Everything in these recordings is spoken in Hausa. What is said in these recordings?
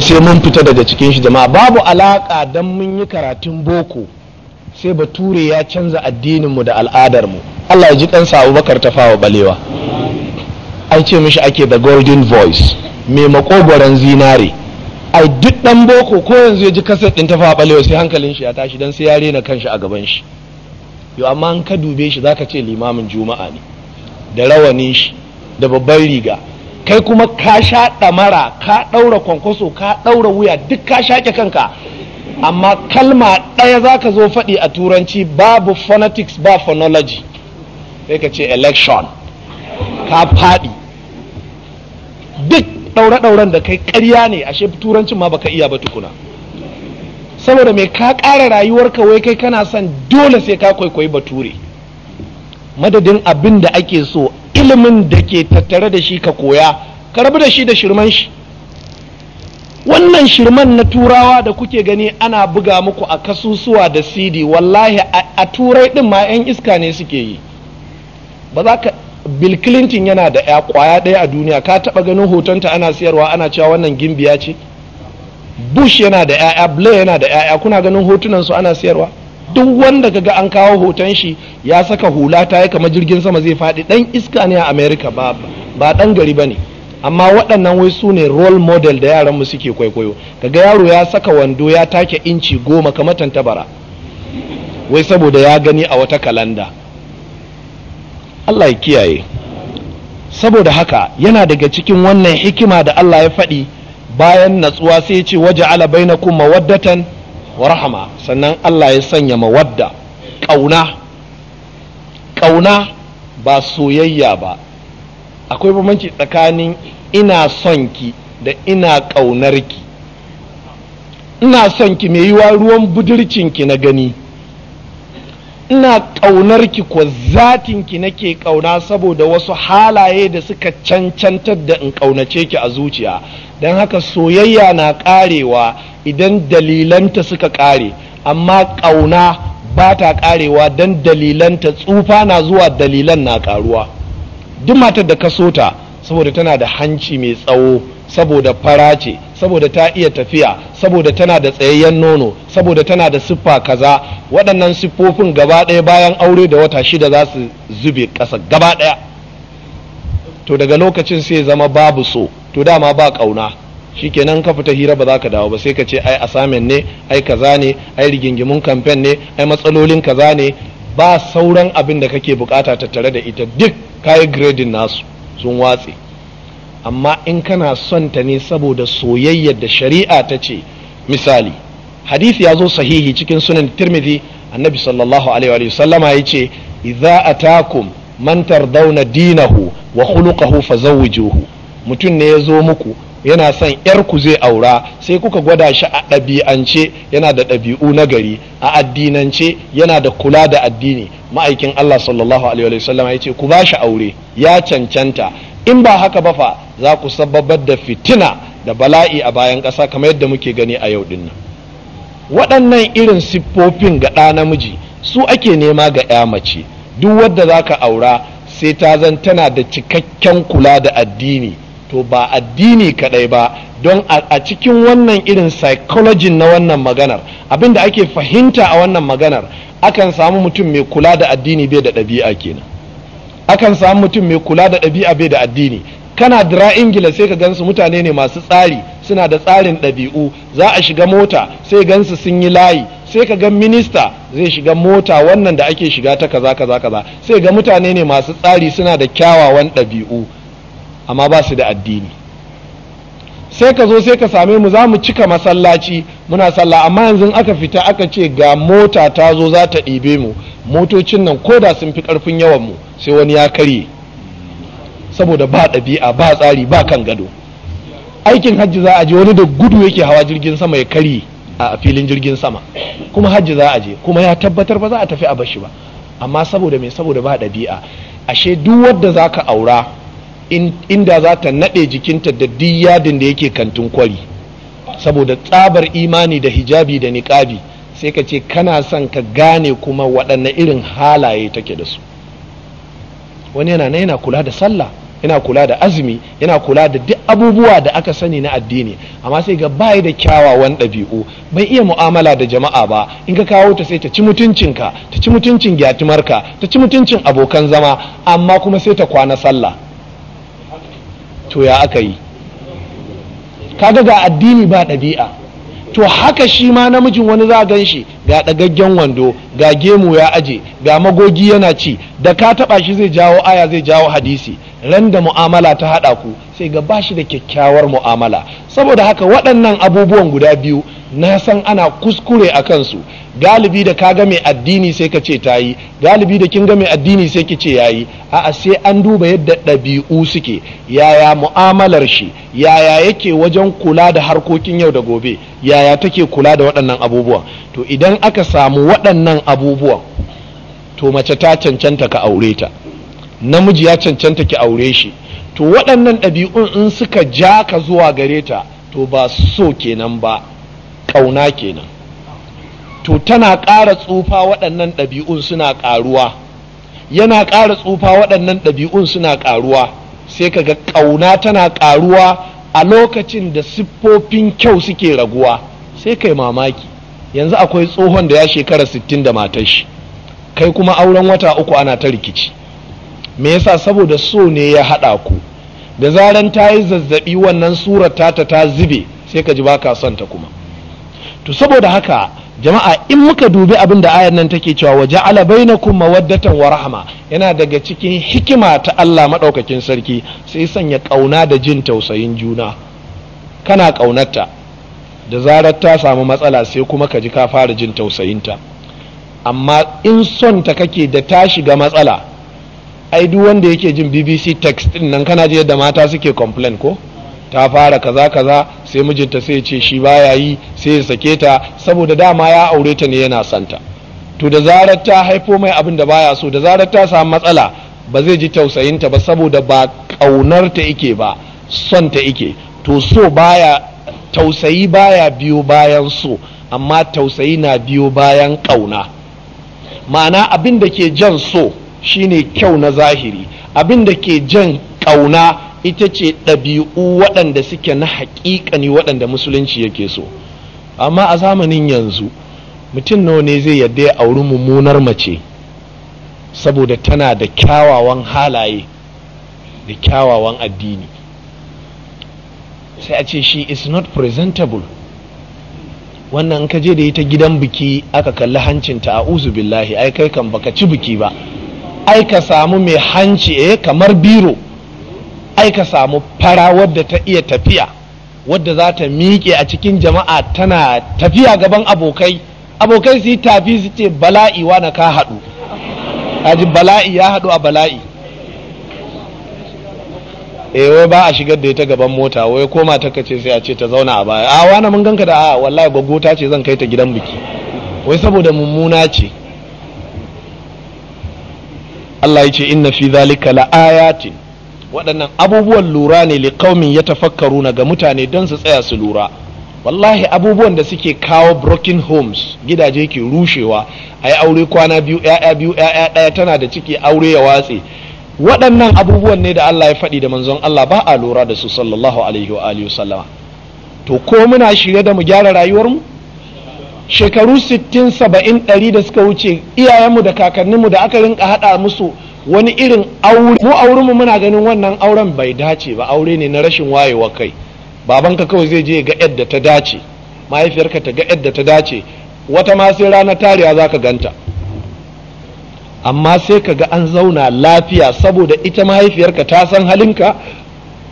sai mun fita daga cikin shi jama'a babu alaƙa don mun yi karatun boko sai bature ya canza addininmu da al'adarmu allah ya ji kansa abubakar ta fawa balewa an ce mishi ake da golden voice mai makogoron zinare ai duk ɗan boko ko yanzu ya ji kaset ɗin ta fawa balewa sai hankalin shi ya tashi don sai ya rena kanshi a gaban shi Yau amma an ka dube shi zaka ce limamin juma'a ne da rawanin shi da babban riga kai kuma ka sha ɗamara ka ɗaura kwankwaso ka ɗaura wuya duk ka shaƙe kanka amma kalma ɗaya za ka zo faɗi a turanci babu phonetics ba phonology sai ka ce election ka faɗi duk ɗaure-ɗauren da kai ƙarya ne ashe turancin ma baka iya ba tukuna saboda mai ka ƙara rayuwarka wai kai kana son dole sai ka kwaikwayi bature madadin abin da ake so ilimin da ke tattare da shi ka koya ka rabu da shi da shirman shi wannan shirman na turawa da kuke gani ana buga muku a kasusuwa da cd wallahi a turai ɗin ma 'yan iska ne suke yi ba za ka bill clinton yana da ya kwaya ɗaya a duniya ka taɓa ganin hotonta ana siyarwa ana cewa wannan gimbiya ce bush yana da 'ya'ya blair yana da 'ya'ya kuna ganin hotunansu ana siyarwa duk wanda ga an kawo hoton shi ya saka hula ta yi kama jirgin sama zai faɗi Ɗan iska ne a Amerika ba ba dan gari ne. amma waɗannan wai su ne role model da yaran mu suke kwaikwayo kaga yaro ya saka wando ya take inci goma kamar tantabara wai saboda ya gani a wata kalanda Allah ya kiyaye saboda haka yana daga cikin wannan hikima da Allah ya faɗi bayan natsuwa sai ya ce waje ala bainakum mawaddatan wa rahama sannan Allah ya sanya mawadda ƙauna ƙauna ba soyayya ba akwai bambanci tsakanin ina son ki da ina ƙaunar ki ina son ki mai yiwa ruwan budurcin ki na gani ina ƙaunar ki ko zatin ki nake ƙauna saboda wasu halaye da suka cancantar da in ƙaunace ki a zuciya don haka soyayya na ƙarewa idan dalilanta suka ƙare amma ƙauna ba ta ƙarewa don dalilanta tsufa na zuwa dalilan na ƙaruwa duk matar da ka so ta saboda tana da hanci mai tsawo saboda fara ce saboda ta iya tafiya saboda tana da tsayayyen nono saboda tana da siffa kaza waɗannan siffofin gaba ɗaya bayan aure da wata shida za su zube ƙasa gaba ɗaya to daga lokacin sai zama babu so to dama ba ƙauna shikenan ka fita hira ba za ka dawo ba sai ka ce ai asamin ne ai kaza ne ai rigingimun kamfen ne ai matsalolin kaza ne ba sauran abin da kake bukata tattare da ita duk kayi grading nasu sun watse amma in kana son ta ne saboda soyayyar da shari'a ta ce misali hadisi ya zo sahihi cikin sunan tirmidhi annabi sallallahu alaihi wa sallama ya ce idza atakum man tardawna dinahu wa khuluquhu fazawwijuhu mutum ne ya zo muku yana son yarku zai aura sai kuka gwada shi a ɗabi'ance yana da ɗabi'u na gari a addinance yana da kula da addini ma'aikin Allah sallallahu alaihi wa sallam ya ce ku ba shi aure ya cancanta in ba haka ba fa za ku sababbar da fitina da bala'i a bayan ƙasa kamar yadda muke gani a yau dinnan waɗannan irin siffofin ga ɗa namiji su ake nema ga 'ya mace duk wadda za ka aura sai ta zan tana da cikakken kula da addini to ba addini kaɗai ba don a cikin wannan irin psychology na wannan maganar abinda ake fahimta a wannan maganar akan samu mutum mai kula da addini bai da ɗabi'a kenan akan samu mutum mai kula da ɗabi'a bai da addini kana dira ingila sai ka gansu mutane ne masu tsari suna da tsarin ɗabi'u za a shiga mota sai gansu sun yi layi sai ka ga minista zai shiga mota wannan da ake shiga ta kaza kaza kaza sai ga mutane ne masu tsari suna da kyawawan ɗabi'u amma ba su da addini sai ka zo sai ka same mu za mu cika masallaci muna sallah amma yanzu aka fita aka ce ga mota ta zo za ta ɗibe mu motocin nan ko da sun fi ƙarfin yawan mu sai wani ya karye saboda ba ɗabi'a ba tsari ba kan gado aikin hajji za a je wani da gudu yake hawa jirgin sama ya karye a filin jirgin sama kuma hajji za a je kuma ya tabbatar ba za a tafi a bashi ba amma saboda me saboda ba ɗabi'a ashe duk wadda za ka aura inda za ta naɗe jikinta da diyadin da yake kantin kwari saboda tsabar imani da hijabi da niƙabi sai ka ce kana son ka gane kuma waɗanne irin halaye take da su wani yana yana kula da sallah yana kula da azumi yana kula da duk abubuwa da aka sani na addini amma sai ga bai da kyawawan ɗabi'u bai iya mu'amala da jama'a ba in ka kawo ta sai ta ci mutuncinka ta ci mutuncin gyatumarka ta ci mutuncin abokan zama amma kuma sai ta kwana sallah to ya aka yi kaga ga addini ba ɗabi'a to haka shi ma namijin wani za a gan shi ga ɗagaggen wando ga gemu ya aje ga magogi yana ci da ka taɓa shi zai jawo aya zai jawo hadisi Randa mu'amala ta haɗa ku sai ga ba shi da kyakkyawar mu'amala saboda haka waɗannan abubuwan guda biyu na san ana kuskure a kansu galibi da ka ga mai addini sai ka ce ta yi galibi da kin ga mai addini sai ki ce yayi a'a sai an duba yadda ɗabi'u suke yaya mu'amalar shi yaya yake wajen kula da harkokin yau da gobe yaya take kula da waɗannan abubuwan to idan aka samu waɗannan abubuwan to mace ta cancanta ka aure ta namiji ya cancanta ki aure shi to waɗannan ɗabi'un in suka ja ka zuwa gare ta to ba so kenan ba ƙauna kenan to tana ƙara tsufa waɗannan ɗabi'un suna ƙaruwa yana ƙara tsufa waɗannan ɗabi'un suna ƙaruwa sai ka ga ƙauna tana ƙaruwa a lokacin da siffofin kyau suke raguwa sai kai mamaki yanzu akwai tsohon da ya shekara sittin da matar shi kai kuma auren wata uku ana ta rikici me yasa saboda so ne ya haɗa ku da zaran ta yi zazzaɓi wannan surar tata ta zube sai ka ji ba ka son ta kuma to saboda haka jama'a in muka dubi abin da ayar nan take cewa waje baina bainakum mawaddatan wa rahma yana daga cikin hikima ta Allah maɗaukakin sarki sai sanya ƙauna da jin tausayin juna kana ta da zarar ta samu matsala sai kuma ka ji ka fara jin tausayinta amma in son ta kake da ta shiga matsala ai duk wanda yake jin bbc text din nan kana ji yadda mata suke complain ko ta fara kaza kaza sai mijinta sai ya ce shi baya yi sai ya sake ta saboda dama ya aure ta ne yana santa to da zarar ta haifo mai abin da baya so da zarar ta samu matsala ba zai ji tausayin ta ba saboda ba kaunar ta ike ba son ta ike to so baya tausayi baya biyo bayan so amma tausayi na biyo bayan kauna ma'ana abin da ke jan so shine kyau na zahiri abin da ke jan ƙauna ita ce ɗabi'u waɗanda suke na haƙiƙani waɗanda musulunci yake so amma a zamanin yanzu mutum nawa ne zai yadda ya auri mummunar mace saboda tana da kyawawan halaye da kyawawan addini sai a ce shi is not presentable wannan ka je da ita gidan biki aka kalli hancinta a uzu billahi ai kai kan baka ci biki ba ai samu mai hanci eh kamar biro ai samu fara wadda ta iya tafiya wadda za ta miƙe a cikin jama'a tana tafiya gaban abokai abokai su yi tafi su ce bala'i wa na ka haɗu aji bala'i ya haɗu a bala'i eh wai ba a shigar da ita gaban mota wai koma ta kace sai a ce ta zauna a baya a wani mun ganka da a wallahi gwaggo ta ce zan kai ta gidan biki wai saboda mummuna ce Allah ya ce inna fi zalika la'ayatin waɗannan abubuwan lura ne liqaumin yatafakkaruna ga mutane don su tsaya su lura wallahi abubuwan da suke kawo broken homes gidaje ke rushewa a yi aure kwana biyu ya'ya biyu ya'ya ɗaya tana da ciki aure ya watse waɗannan abubuwan ne da Allah ya faɗi da manzon Allah ba a lura da su sallallahu alaihi wa alihi sallama to ko muna shirye da mu gyara rayuwarmu shekaru 60 70 ɗari da suka wuce iyayenmu da kakanninmu da aka rinka haɗa musu wani irin aure mu auren mu muna ganin wannan auren bai dace ba aure ne na rashin wayewa kai babanka kawai zai je ga yadda ta dace mahaifiyarka ta ga yadda ta dace wata ma sai ranar tariya ka ganta amma sai ka ga an zauna lafiya saboda ita mahaifiyarka ta san halinka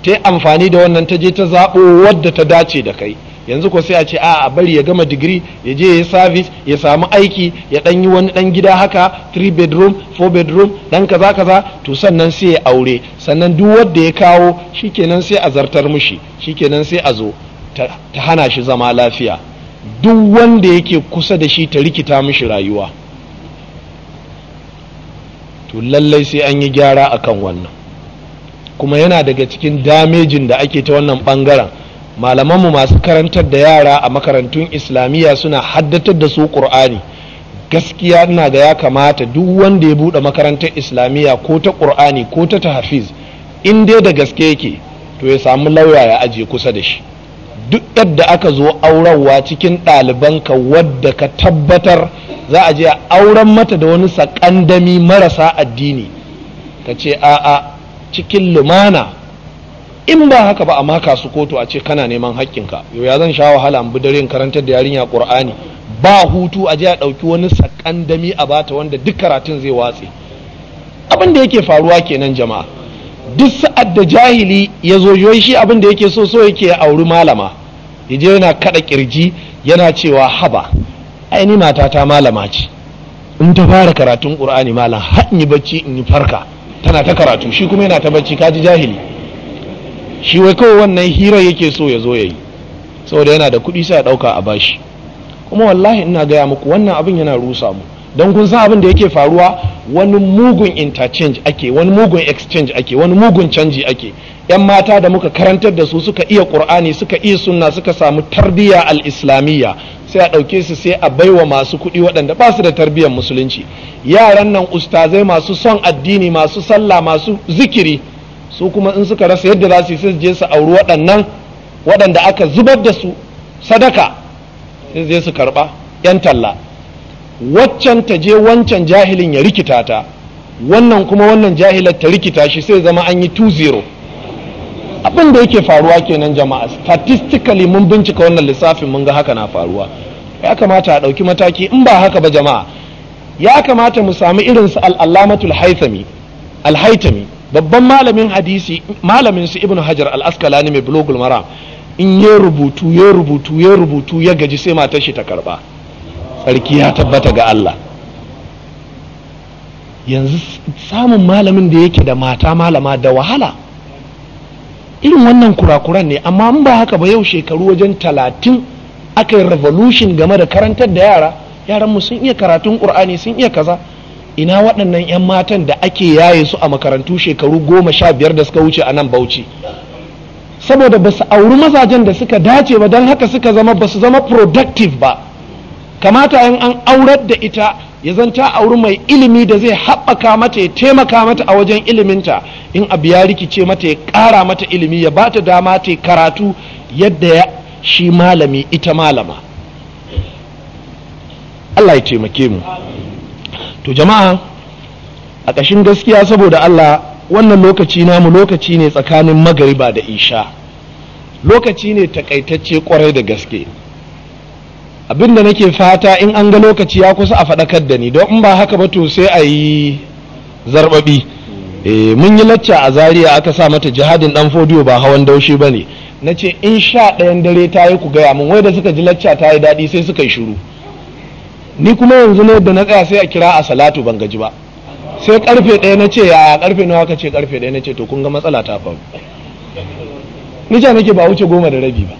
ta yi amfani da wannan ta je ta zaɓo wadda ta dace da kai yanzu ko sai a ce a bari ya gama digiri ya je ya service ya samu aiki ya dan yi wani dan gida haka 3 bedroom 4 bedroom dan kaza kaza to sannan sai ya aure sannan duk wanda ya kawo shikenan sai a zartar mushi shikenan sai a zo ta hana shi zama lafiya duk wanda yake kusa da shi ta rikita mushi rayuwa to lallai sai an yi gyara akan wannan kuma yana daga cikin damejin da ake ta wannan bangaren malamanmu masu karantar da yara a makarantun islamiyya suna haddatar da su ƙur'ani gaskiya ina ga ya kamata duk wanda ya buɗe makarantar islamiyya ko ta ƙur'ani ko ta tahafiz in dai da gaske yake to ya samu lauya ya aje kusa da shi duk yadda aka zo aurarwa cikin ɗalibanka wadda ka tabbatar za a je a auren mata da wani sakandami marasa addini ka ce a'a cikin lumana in ba haka ba a maka su kotu a ce kana neman haƙƙinka yau ya zan sha wahala bi dare karantar da yarinya ƙur'ani ba hutu a je a ɗauki wani sakandami a bata wanda duk karatun zai watse abin da yake faruwa kenan jama'a duk sa'ad da jahili ya zo shi abin da yake so so yake ya auri malama ya je yana kada kirji yana cewa haba ni mata ta malama ce in ta fara karatun qur'ani malam har in yi bacci in yi farka tana ta karatu shi kuma yana ta bacci kaji jahili shi wai kawai wannan hira yake so ya zo ya yi saboda yana da kuɗi sai a ɗauka a bashi kuma wallahi ina gaya muku wannan abin yana rusa mu don kun san abin da yake faruwa wani mugun interchange ake wani mugun exchange ake wani mugun canji ake yan mata da muka karantar da su suka iya qur'ani suka iya sunna suka samu tarbiyya al-islamiyya sai a ɗauke su sai a baiwa masu kuɗi waɗanda ba su da tarbiyyar musulunci yaran nan ustazai masu son addini masu sallah masu zikiri su kuma in suka rasa yadda za su yi sai je su auri waɗannan waɗanda aka zubar da su sadaka sai je su karɓa 'yan talla waccan ta je wancan jahilin ya rikita ta wannan kuma wannan jahilar ta rikita shi sai zama an yi 2-0 abin da yake faruwa kenan jama'a statistically mun bincika wannan lissafin mun ga haka na faruwa ya kamata a ɗauki mataki in ba haka ba jama'a ya kamata mu sami irinsu al'allamatul haithami al-haitami babban malamin hadisi malamin su ibnu hajar al-asqalani mai blogul maram in ya rubutu ya rubutu ya rubutu ya gaji sai matar shi ta karba sarki ya tabbata ga Allah yanzu samun malamin da yake da mata malama da wahala irin wannan kurakuran ne amma in ba haka ba yau shekaru wajen talatin aka yi revolution game da karantar da yara yaran mu sun iya karatun qur'ani sun iya kaza ina waɗannan 'yan matan da ake yaye su a makarantu shekaru goma sha biyar da suka wuce a nan bauchi saboda ba su auri mazajen da suka dace ba don haka suka zama ba su zama productive ba kamata in an aurar da ita ya zanta auri mai ilimi da zai haɓaka mata ya taimaka mata a wajen iliminta in abu ya rikice mata ya ƙara mata ilimi ya ba ta dama ta karatu yadda ya shi malami ita malama Allah ya taimake mu. to jama'a a ƙashin gaskiya saboda Allah wannan lokaci namu lokaci ne tsakanin magariba da isha lokaci ne takaitacce kwarai da gaske abinda nake fata in an ga lokaci ya kusa a faɗakar da ni don in ba haka ba to sai a yi zarbabi eh, mun yi lacca a Zariya aka sa mata jihadin ɗan fodiyo ba hawan daushe ba ne na ce in sha ɗayan dare ta yi ku gaya mun, wai da suka ji lacca ta yi daɗi sai suka yi shuru ni kuma yanzu ne da na tsaya sai a kira a salatu ban gaji ba sai karfe ɗaya na ce yaya karfe nawa ka ce karfe ɗaya na ce to kun ga matsala ta faru ni ja nake ba wuce goma da rabi ba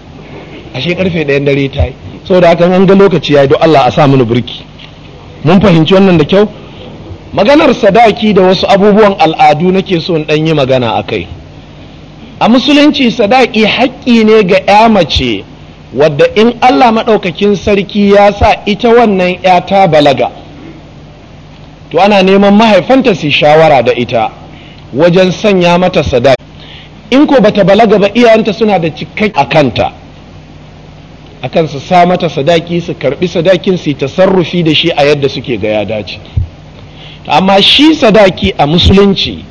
ashe karfe ɗayan dare ta yi saboda haka an ga lokaci ya yi don Allah a sa mini birki mun fahimci wannan da kyau maganar sadaki da wasu abubuwan al'adu nake so in ɗan yi magana a kai a musulunci sadaki haƙƙi ne ga 'ya mace wadda in Allah maɗaukakin sarki ya sa ita wannan ya ta balaga to ana neman mahaifanta su shawara da ita wajen sanya mata sadaki in ko bata balaga ba iyayenta suna da cikak a kanta akan su sa mata sadaki su karbi sadakin su tasarrufi da shi a yadda suke ga ya dace amma shi sadaki a musulunci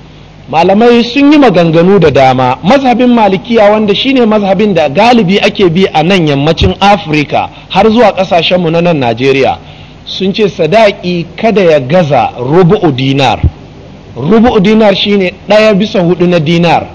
malamai sun yi maganganu da dama mazhabin malikiya wanda shine mazhabin da galibi ake bi a nan yammacin afirka har zuwa kasashenmu na nan najeriya sun ce sadaki kada ya gaza rubu'u dinar rubu'u dinar shine ɗaya bisa hudu na dinar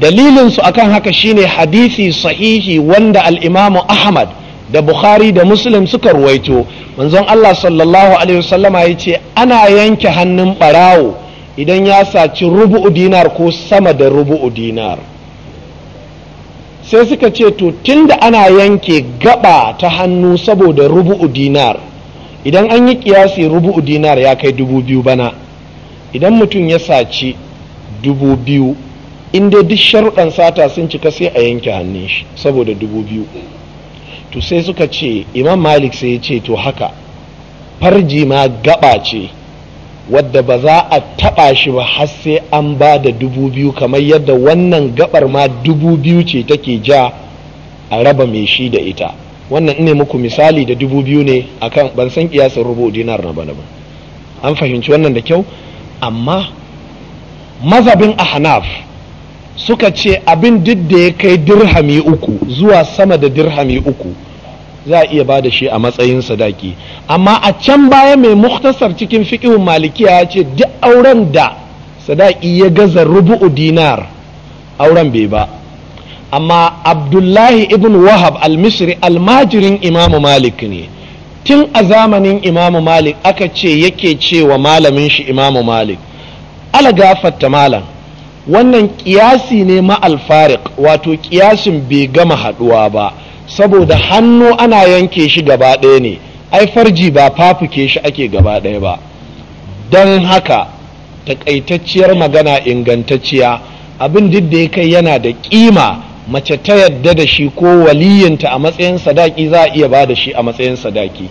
dalilinsu akan haka shine hadisi sahihi wanda al'imamu ahmad da bukhari da muslim suka ruwaito manzon allah sallallahu alaihi wasallama ya ce ana yanke hannun ɓarawo idan ya saci rubu'u dinar ko sama da rubu'u dinar sai suka ce to tunda ana yanke gaba ta hannu saboda rubu'u dinar idan an yi kiyasi rubu'u dinar ya kai dubu biyu bana idan mutum ya saci dubu biyu inda duk sharuɗan sata sun cika sai a yanke hannu shi saboda dubu biyu to sai suka ce imam malik sai ya ce to haka farji ma gaba ce wadda ba za a taɓa shi ba har sai an ba da dubu biyu kamar yadda wannan gabar ma dubu biyu ce take ja a raba mai shi da ita wannan ne muku misali da dubu biyu ne akan ban san kiyasin rubu dinar na bana ba an fahimci wannan da kyau amma mazabin ahnaf suka ce abin duk da ya kai dirhami uku zuwa sama da dirhami uku za a iya ba da shi a matsayin sadaki amma a can baya mai muktasar cikin fiƙihun malikiya ya ce duk auren da sadaki ya gaza rubu'u dinar auren bai ba amma abdullahi ibn wahab al-misri almajirin imamu malik ne tun a zamanin imamu malik aka ce yake ce wa malamin shi imamu malik ala gafarta malam wannan kiyasi ne ma alfarik wato kiyasin bai gama haɗuwa ba saboda hannu ana yanke shi gaba ɗaya ne ai farji ba fafuke shi ake gaba ɗaya ba don haka takaitacciyar magana ingantacciya abin duk da ya kai yana da ƙima mace ta yadda da shi ko waliyinta a matsayin sadaki za a iya ba da shi a matsayin sadaki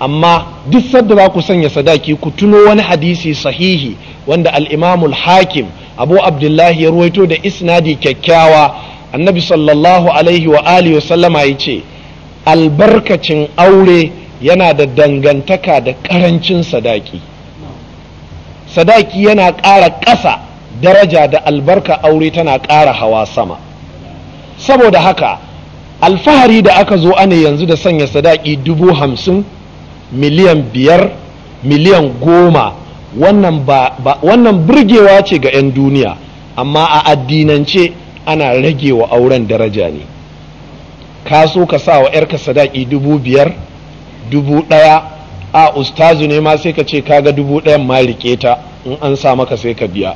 amma duk sadda ba ku sanya sadaki ku tuno wani hadisi sahihi wanda al-imamul hakim abu abdullahi ya ruwaito da isnadi kyakkyawa annabi sallallahu alaihi wa alihi wasallama ya ce albarkacin aure yana da dangantaka da ƙarancin sadaki sadaki yana ƙara ƙasa daraja da albarka aure tana ƙara hawa sama saboda haka alfahari da aka zo ana yanzu da sanya sadaki dubu hamsin miliyan biyar miliyan goma wannan birgewa ce ga 'yan duniya amma a addinance ana rage wa auren daraja ne ka so ka sa wa 'yarka sadaki dubu biyar dubu ɗaya a ustazu ne ma sai ka ce kaga dubu ɗayan ma rike ta in an sa maka sai ka biya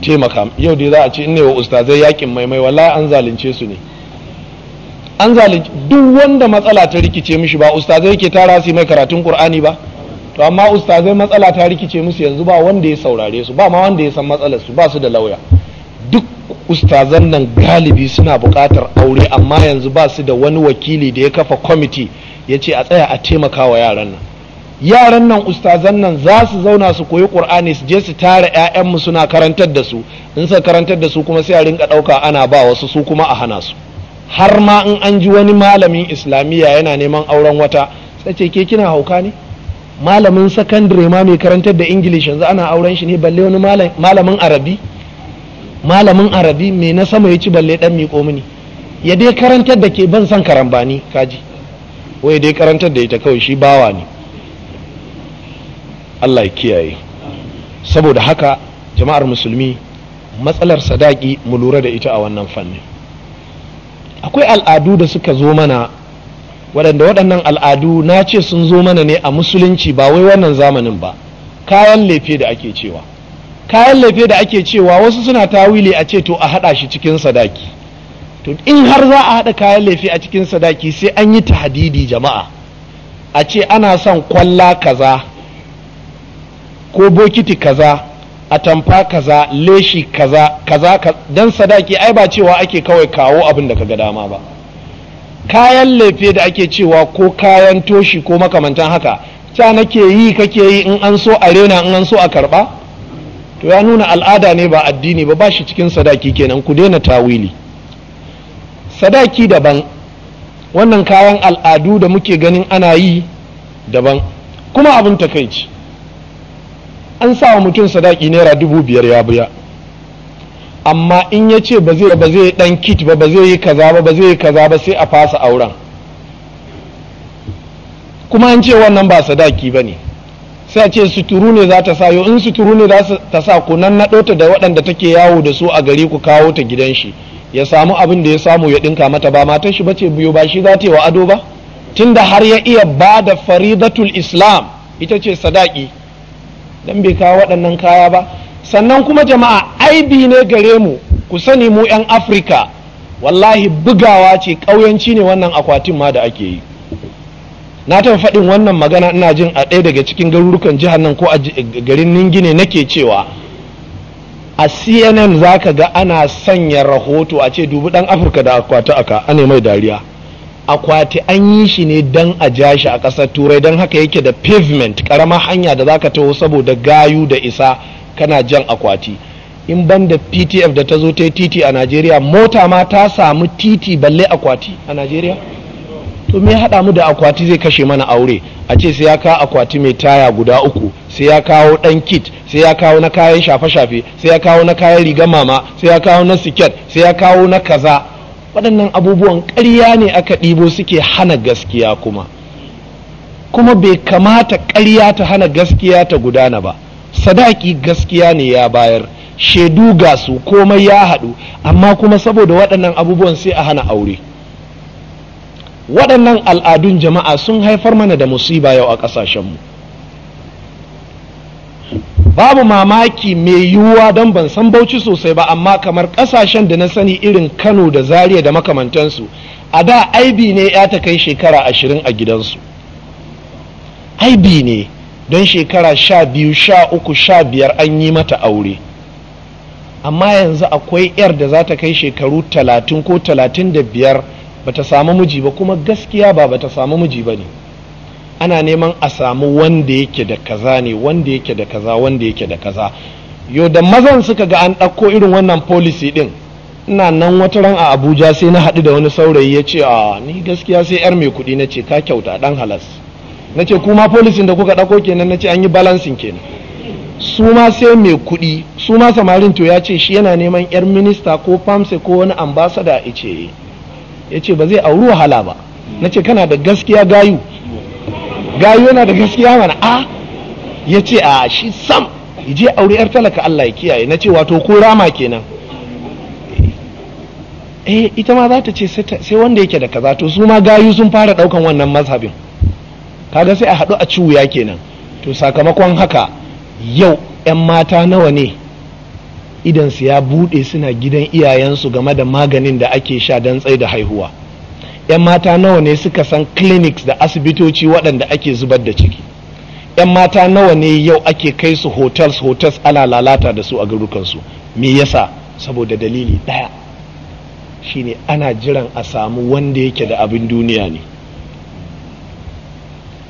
taimaka yau dai za a ce in ne wa ustazai yakin maimai wallahi an zalunce su ne an zalunce. duk wanda matsala ta rikice mishi ba ustazai yake tara su mai karatun qur'ani ba to amma ustazai matsala ta rikice musu yanzu ba wanda ya saurare su ba ma wanda ya san matsalar su ba su da lauya duk ustazan nan galibi suna buƙatar aure amma yanzu ba su da wani wakili da ya kafa kwamiti ya ce a tsaya a taimaka wa yaran nan yaran nan ustazan nan za su zauna su koyi ƙur'ani su je su tara 'ya'yanmu suna karantar da su in suka karantar da su kuma sai a rinka ɗauka ana ba wasu su kuma a hana su har ma in an ji wani malamin islamiyya yana neman auren wata sai ce ke kina hauka ne malamin sakandare ma mai karantar da ingilishi yanzu ana auren shi ne balle wani malamin arabi malamin arabi mai na sama ya ci balle dan miƙo mini ya dai karantar da ke ban san karambani kaji wai dai karantar da ita kawai shi bawa ne Allah ya kiyaye saboda haka jama'ar musulmi matsalar sadaki mu lura da ita a wannan fannin akwai al'adu da suka zo mana waɗanda waɗannan al'adu na ce sun zo mana ne a musulunci ba wai wannan zamanin ba kayan lefe da ake cewa kayan lefe da ake cewa wasu suna tawili a ce to a haɗa shi cikin sadaki to in har za a haɗa kayan lefe a cikin sadaki sai an yi tahadidi jama'a a ce ana son kwalla kaza ko bokiti kaza atamfa kaza leshi kaza kaza Don sadaki ai ba cewa ake kawai kawo abin da kaga dama ba kayan lefe da ake cewa ko kayan toshi ko makamantan haka ta nake yi kake yi in an so a rena in an so a karba to ya nuna al'ada ne ba addini ba ba shi cikin sadaki kenan ku daina tawili sadaki daban wannan kayan al'adu da muke ganin ana yi daban kuma abin takaici an sa wa mutum sadaki naira dubu biyar ya biya amma in ya ce ba zai ba zai dan kit ba ba zai yi kaza ba ba zai yi kaza ba sai a fasa auren kuma an ce wannan ba sadaki ba ne sai a ce suturu ne za ta sa yau in suturu ne za ta sa ku nan na ta da waɗanda take yawo da su a gari ku kawo ta gidan shi ya samu abin da ya samu ya ɗinka mata ba matar shi bace biyu ba shi za ta yi wa ado ba tunda har ya iya ba da faridatul islam ita ce sadaki dan bai kawo waɗannan kaya ba sannan kuma jama'a aibi ne gare mu ku sani mu 'yan afirka wallahi bugawa ce ƙauyanci ne wannan akwatin ma da ake yi na ta faɗin wannan magana ina jin a ɗaya daga cikin garurukan jihar nan ko a garin ningine nake cewa a cnn za ka ga ana sanya rahoto a ce dubi ɗan afirka da akwati aka ana mai dariya akwati an yi shi ne don a ja shi a ƙasar turai don haka yake da pavement ƙaramar hanya da za ka taho saboda gayu da isa kana jan akwati in ban da ptf da ta zo ta yi titi a najeriya mota ma ta samu titi balle akwati a najeriya to me haɗa mu da akwati zai kashe mana aure a ce sai ya kawo akwati mai taya guda uku sai ya kawo ɗan kit sai ya kawo na kayan shafe-shafe sai ya kawo na kayan riga mama sai ya kawo na siket sai ya kawo na kaza waɗannan abubuwan ƙarya ne aka ɗibo suke hana gaskiya kuma kuma bai kamata ƙarya ta hana gaskiya ta gudana ba sadaki gaskiya ne ya bayar shaidu ga su komai ya haɗu amma kuma saboda waɗannan abubuwan sai a hana aure. waɗannan al'adun jama'a sun haifar mana da musiba yau a ƙasashenmu babu mamaki mai yiwuwa don ban san bauchi sosai ba amma kamar ƙasashen da na sani irin kano da Zariya da makamantansu a da aibi ne ya ta kai shekara ashirin a gidansu aibi ne don shekara sha biyu sha uku sha biyar an yi mata aure amma yanzu akwai 'yar da za ta kai shekaru talatin ko talatin da biyar bata samu miji ba kuma gaskiya ba bata samu miji ba ne ana neman a samu wanda yake da kaza ne wanda yake da kaza wanda yake da kaza Yau da mazan suka ga an ɗauko irin wannan policy ɗin ina nan wata ran a abuja sai na haɗu da wani saurayi ya ce a ah, ni gaskiya sai yar mai kuɗi na ce ka kyauta ɗan halas na ce kuma policy da kuka ɗauko kenan na ce an yi balancing kenan su ma sai mai kuɗi su ma samarin to ya ce shi yana neman yar minista ko famse ko wani ambasada ice ya ce ba zai auri wahala ba na ce kana da gaskiya gayu gayu yana da gaskiya mana a ya ce a shi sam je auri yar talaka Allah ya kiyaye na ce wato ko rama kenan eh ita ma za ta ce sai wanda yake da kaza to su ma gayu sun fara daukan wannan mazhabin kaga sai a haɗu a ciwuya kenan to sakamakon haka yau 'yan mata nawa ne idansu ya buɗe suna gidan iyayensu game da maganin da ake sha don tsaye da haihuwa 'yan mata nawa ne suka san clinics da asibitoci waɗanda ake zubar da ciki 'yan mata nawa ne yau ake kai su hotels hotels ana lalata da su a garukansu me yasa saboda dalili ɗaya shine ana jiran a samu wanda yake da abin duniya ne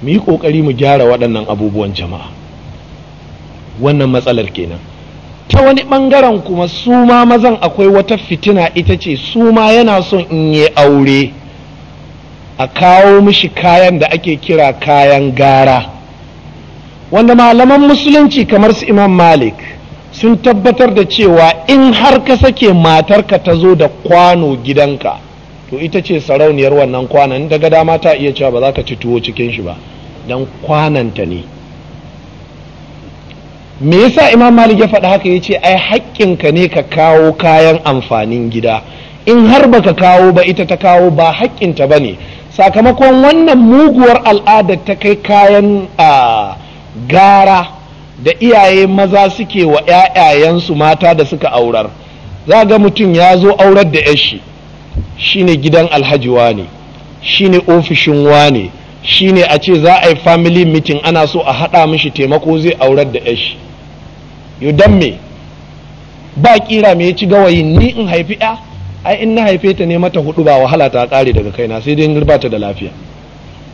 mu yi ƙoƙari mu gyara waɗannan abubuwan jama'a wannan matsalar kenan ta wani ɓangaren kuma su ma mazan akwai wata fitina ita ce su ma yana son in yi aure a kawo mishi kayan da ake kira kayan gara wanda malaman musulunci kamar su imam malik sun tabbatar da cewa in har ka sake matarka ta zo da kwano gidanka to ita ce sarauniyar wannan kwanan daga dama ta iya cewa ba za ka ci tuwo cikin shi ba don kwananta ne me yasa imam malik ya faɗi haka ya ce ai haƙƙinka ne ka kawo kayan amfanin gida in har baka kawo ba ita ta kawo ba haƙƙinta ba ne sakamakon wannan muguwar al'adar ta kai kayan a gara da iyaye maza suke wa 'ya'yayensu mata da suka aurar za ga mutum ya zo aurar da yashi shine gidan alhaji wane shine ofishin wane shine a ce za a yi family meeting ana so a haɗa mishi taimako zai aurar da yashi yo dan me ba kira me ya ci gawayin ni in haifi ya ai in na haife ta ne mata hudu ba wahala ta kare daga kaina sai dai in ta da lafiya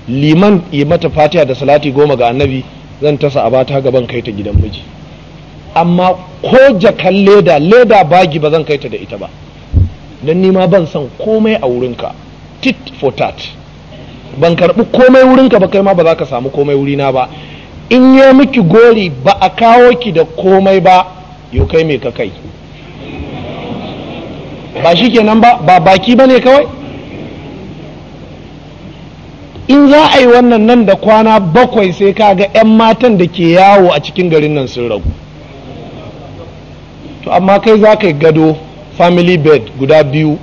liman yi mata fatiha da salati goma ga annabi zan tasa a bata gaban kai ta gidan miji amma ko jakan leda leda bagi ba zan kai ta da ita ba don nima ban san komai a wurinka tit for tat ban karɓi komai wurinka ba kai ma ba za ka samu komai wurina ba in ya miki gori ba a kawo ki da komai ba yau kai mai ka kai ba shi kenan ba ba baki ba ne kawai in za a yi wannan nan da kwana bakwai sai ka ga 'yan matan da ke yawo a cikin garin nan sun ragu to amma kai za ka yi gado family bed guda biyu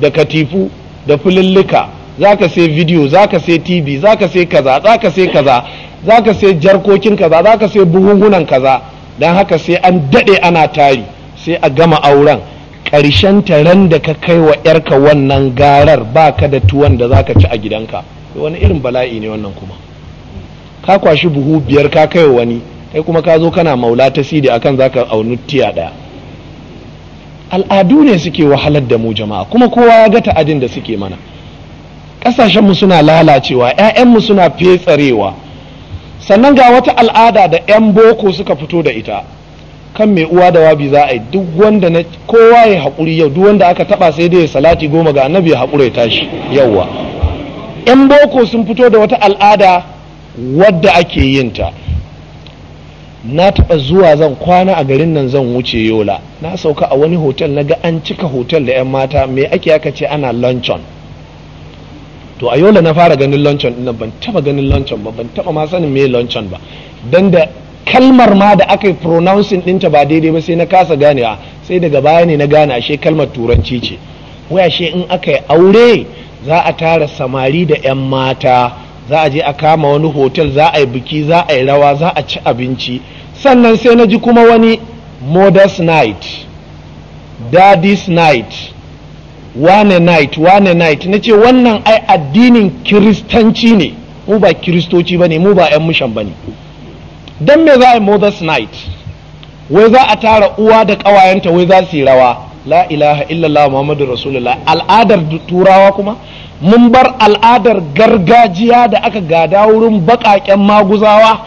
da katifu da fulillika Za zaka sai video ka sai tv za ka sai kaza za ka sai kaza za ka sai jarkokin kaza za ka sai buhunhunan kaza don haka sai an daɗe ana tari sai a gama auren ƙarshen taron da ka kai wa yarka wannan garar ba ka da tuwon da za ka ci a gidanka wani irin bala'i ne wannan kuma ka kwashi buhu biyar ka kai wani kai kuma ka zo kana maula ta sidi akan zaka auni tiya daya al'adu ne suke wahalar da mu jama'a kuma kowa ya ga ta'adin da suke mana ƙasashenmu suna lalacewa 'ya'yanmu suna fetsarewa sannan ga wata al'ada da 'yan boko suka fito da ita kan mai uwa da wabi za a yi duk wanda na kowa ya haƙuri yau duk wanda aka taɓa sai dai salati goma ga annabi ya haƙura ya tashi yauwa 'yan boko sun fito da wata al'ada wadda ake yin ta na taɓa zuwa zan kwana a garin nan zan wuce yola na sauka a wani hotel na ga an cika hotel da 'yan mata me ake aka ce ana luncheon to a yola na fara ganin lancan ina ban taba ganin lancon ba ban taba ma sanin me lancon ba dan da kalmar ma da aka yi pronouncing dinta ba daidai ba sai na kasa ganewa sai daga baya ne na gane ashe kalmar turanci ce wai ashe in aka yi aure za a tara samari da 'yan mata za a je a kama wani hotel za a yi biki za a yi rawa za a ci abinci sannan sai na ji kuma wani modest night daddy's night wane night wane night na ce wannan ai addinin kiristanci ne mu ba kiristoci ba ne mu ba 'yan mushan ba ne don me za a yi mothers night wai za a tara uwa da ƙawayenta wai za su yi rawa la ilaha illallah muhammadu rasulullah al'adar turawa kuma mun bar al'adar gargajiya da aka gada wurin baƙaƙen maguzawa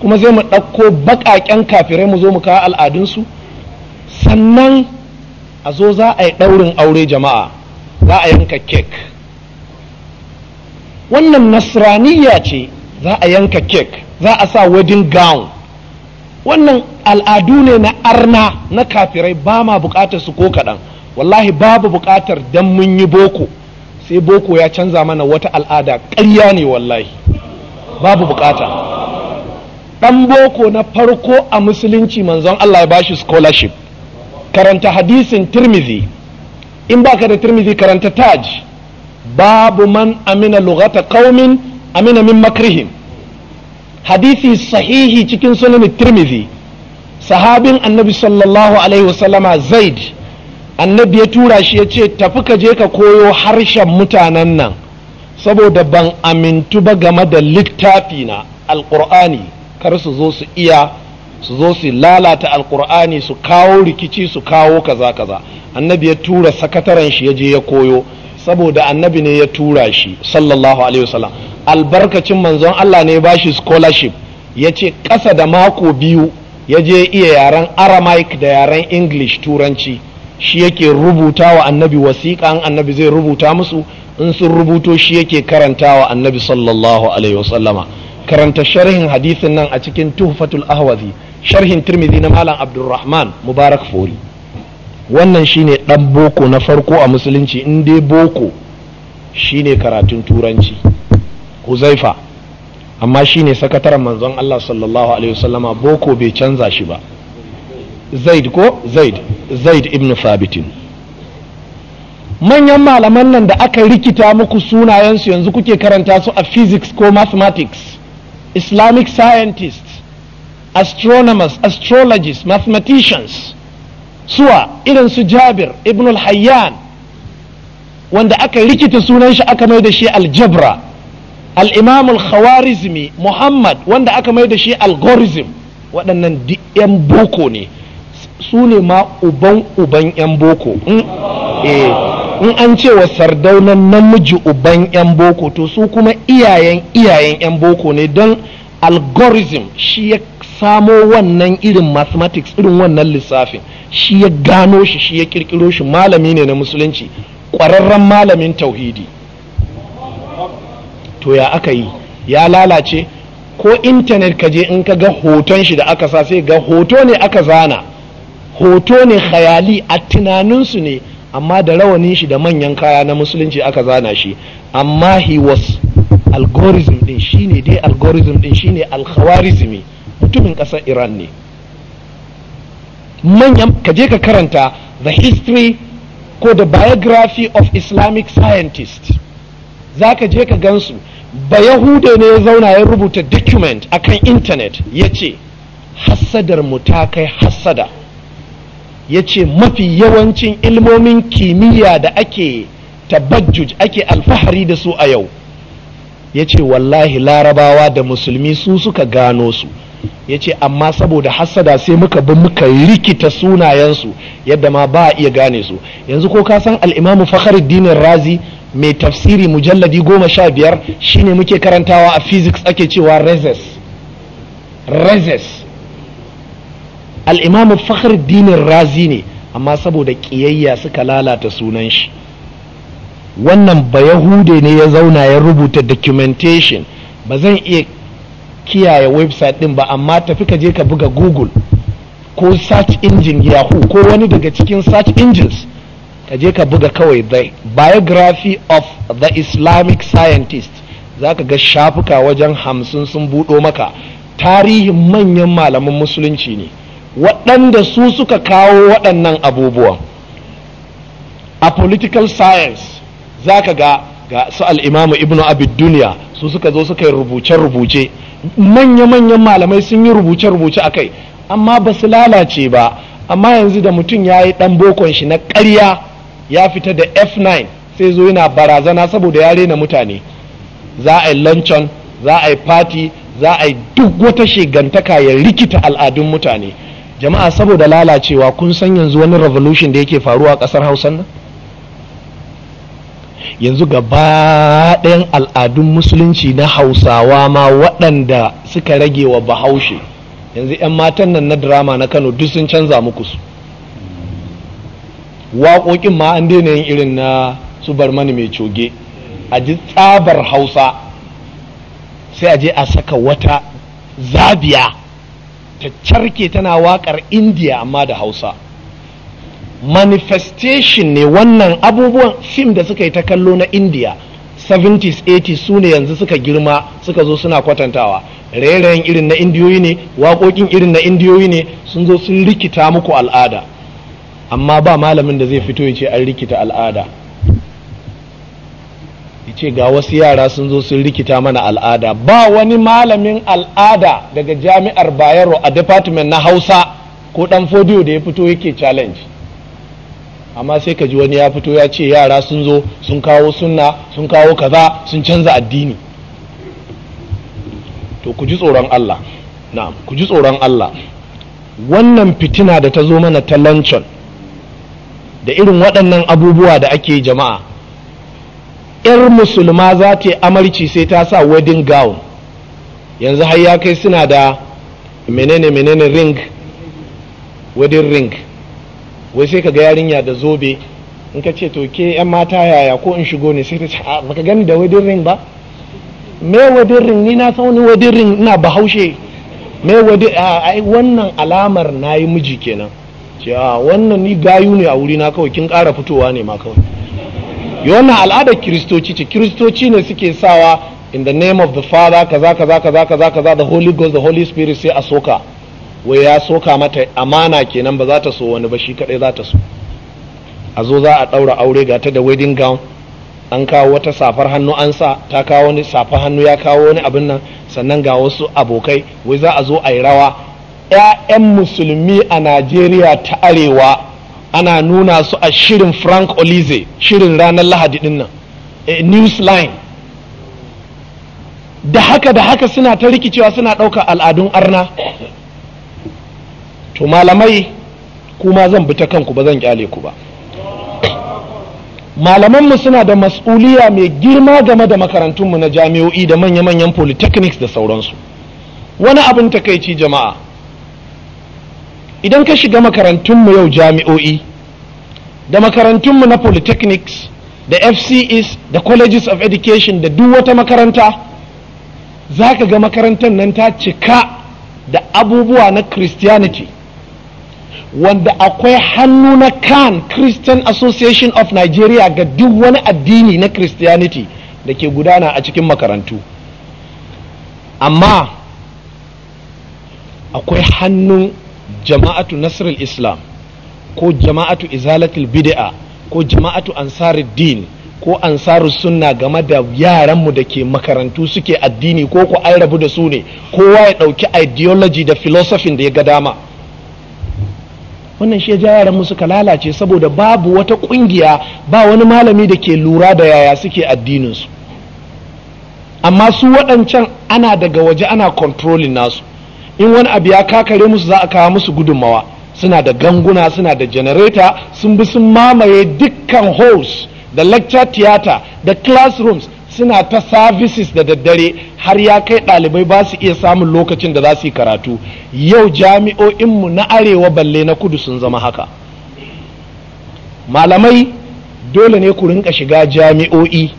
kuma sai mu ɗauko baƙaƙen kafirai mu zo mu kawo al'adunsu sannan a zo za a yi ɗaurin aure jama'a za a yanka kek wannan nasraniya ce za a yanka kek za a sa wedding gown wannan al'adu ne na arna na kafirai ba ma bukatar su ko kaɗan wallahi babu bukatar don mun yi boko sai boko ya canza mana wata al'ada ƙarya ne wallahi babu bukata ɗan boko na farko a musulunci manzon Allah ya bashi scholarship karanta hadisin tirmizi in baka da tirmizi karanta taj babu man amina lugata qaumin amina min makrihim hadisi sahihi cikin sunan tirmizi sahabin annabi sallallahu alaihi wasallama zaid annabi ya tura shi ya ce tafi ka je ka koyo harshen mutanen nan saboda ban amintu ba game da littafi na alkur'ani kar su zo su iya su zo su lalata alkur'ani su kawo rikici su kawo kaza kaza annabi ya tura sakataren shi ya je ya koyo saboda annabi ne ya tura shi sallallahu alaihi wasallam albarkacin manzon Allah ne ba shi scholarship ya ce ƙasa da mako biyu ya je iya yaren aramaic da yaren english turanci shi yake rubuta wa annabi wasiƙa an annabi zai rubuta musu in sun rubuto shi yake karanta wa annabi sallallahu alaihi wasallama karanta sharhin hadisin nan a cikin tuhfatul ahwazi sharhin tirmidhi na malam abdulrahman mubarak fori wannan shine dan boko na farko a musulunci in dai boko shine karatun turanci huzaifa amma shine sakataren manzon Allah sallallahu alaihi wasallama boko bai canza shi ba zaid ko zaid zaid ibn sabitin manyan malaman nan da aka rikita muku sunayensu yanzu kuke karanta su a physics ko mathematics islamic scientist astronomers astrologists mathematicians suwa irin su jabir ibn al-hayyan wanda aka rikita sunan shi aka mai da shi aljabra al-imam al-khawarizmi muhammad wanda aka mai da shi algorithm waɗannan duk 'yan boko ne su ne ma uban uban 'yan boko eh, in an ce wa sardaunan namiji uban 'yan boko to su kuma iyayen iyayen 'yan boko ne don algorithm shi ya samo wannan irin mathematics irin wannan lissafin shi ya gano shi shi ya kirkiro shi malami ne na musulunci ƙwararren malamin tauhidi to ya aka yi ya lalace ko intanet ka je in ka ga hoton shi da aka sa sai ga hoto ne aka zana hoto ne khayali a tunaninsu ne amma da rawanin shi da manyan kaya na musulunci aka zana shi amma he was algorithm din shine dai algorithm din shine alkhawarizmi mutumin ƙasar iran ne manyan ka ka karanta the history ko the biography of islamic scientist za ka je ka gansu ba yahude ne ya zauna ya rubuta document akan intanet ya ce hassadar mu ta kai hassada ya ce mafi yawancin ilmomin kimiyya da ake tabajjuj ake alfahari da su a yau ya ce wallahi larabawa da musulmi su suka gano su ya ce amma saboda hassada sai muka bi muka rikita sunayensu yadda ma ba a iya gane su yanzu ko ka san al'imamu fakhruddinin razi mai tafsiri mujalladi goma sha biyar shine muke karantawa a physics ake cewa rezes rezes al'imamu fakhruddinin razi ne amma saboda ƙiyayya suka lalata sunan shi wannan ba bayahude ne ya zauna ya rubuta documentation ba zan iya kiyaye website din ba amma tafi ka je ka buga google ko search engine yahoo ko wani daga cikin search engines ka je ka buga kawai the biography of the islamic scientist za ka ga shafuka wajen hamsin sun buɗo maka tarihin manyan malaman musulunci ne waɗanda su suka kawo waɗannan abubuwan a political science za ka ga ga su al'imamu ibnu abid duniya su suka zo suka yi rubuce-rubuce manya-manyan malamai sun yi rubuce-rubuce a kai amma ba su lalace ba amma yanzu da mutum ya yi ɗan bokon shi na ƙarya ya fita da f9 sai zo yana barazana saboda ya rena mutane za a yi luncheon za a yi fati za a yi duk wata shigantaka ya rikita al'adun mutane jama'a saboda lalacewa kun san yanzu wani revolution da yake faruwa a ƙasar hausan nan yanzu gaba ɗayan al'adun musulunci na hausawa ma waɗanda suka rage wa bahaushe yanzu 'yan matan nan na drama na kano duk sun canza muku su waƙoƙin ma an daina yin irin na su mani mai coge a ji tsabar hausa sai a je a saka wata zabiya ta carke tana waƙar indiya amma da hausa manifestation ne wannan abubuwan fim da suka yi ta kallo na india 70s 80s su ne yanzu suka girma suka zo suna kwatantawa raye irin na indiyoyi ne waƙoƙin irin na indiyoyi ne sun zo sun rikita muku al'ada amma ba malamin da zai fito ya ce an rikita al'ada ya ce ga wasu yara sun zo sun rikita mana al'ada ba wani malamin al'ada daga jami'ar bayero a department na hausa ko ɗan fodiyo da ya fito yake challenge amma sai ka ji wani ya fito ya ce yara sun zo sun kawo sunna sun kawo kaza sun canza addini to ku ji tsoron Allah na'am ku ji tsoron Allah wannan fitina da ta zo mana ta lancon da irin waɗannan abubuwa da ake jama'a ‘yar musulma za ta yi amarci sai ta sa wedding gown yanzu har ya kai suna da menene menene ring wedding ring wai sai ka ga yarinya da zobe in ka ce to ke yan mata yaya ko in shigo ne sai ta ce baka gani da wedding ring ba me wedding ring ni na san wani wedding ring ina bahaushe me wedding ai wannan alamar nayi miji kenan ce a wannan ni gayu ne a wuri na kawai kin ƙara fitowa ne ma kawai wannan al'adar kiristoci ce kiristoci ne suke sawa in the name of the father kaza kaza kaza kaza kaza the holy ghost the holy spirit sai a soka wai ya soka mata amana kenan ba za ta so wani ba shi kadai za ta so a zo za a ɗaura aure ga ta da wedding gown an kawo wata safar hannu an sa ta kawo wani safar hannu ya kawo wani abin nan sannan ga wasu abokai wai za a zo a yi rawa 'ya'yan musulmi a najeriya ta arewa ana nuna su a shirin frank olize shirin ranar lahadi din nan line da haka da haka suna ta rikicewa suna ɗaukar al'adun arna to malamai kuma zan bi ta kanku ba zan kyale ku ba malamanmu suna da mas'uliya mai girma game da makarantunmu na jami'o'i da manya-manyan polytechnics da sauransu wani abin takaici jama'a idan ka shiga makarantunmu yau jami'o'i da makarantunmu na polytechnics da fces da colleges of education da duk wata makaranta za ka ga makarantar nan ta cika da abubuwa na christianity wanda akwai hannu na kan christian association of nigeria ga duk wani addini na christianity da ke gudana a cikin makarantu amma akwai hannun jama'atu nasrul islam ko jama'atu izalatul bid'a ko jama'atu ansarud din ko ansari sunna game da yaranmu da ke makarantu suke addini ko ku an rabu da su ne kowa ya ɗauki ideology da philosophy da ya ga dama wannan shi ya ja yaran suka lalace saboda babu wata kungiya ba wani malami da ke lura da yaya suke addininsu amma su waɗancan ana daga waje ana controlling nasu in wani abu ya kakare musu za a kawo musu gudunmawa suna da ganguna suna da janareta sun bi sun mamaye dukkan halls da lecture theater da classrooms suna ta services da daddare har ya kai ɗalibai ba su iya samun lokacin da za su yi karatu yau jami'o'inmu na arewa balle na kudu sun zama haka malamai dole ne ku rinka shiga jami'o'i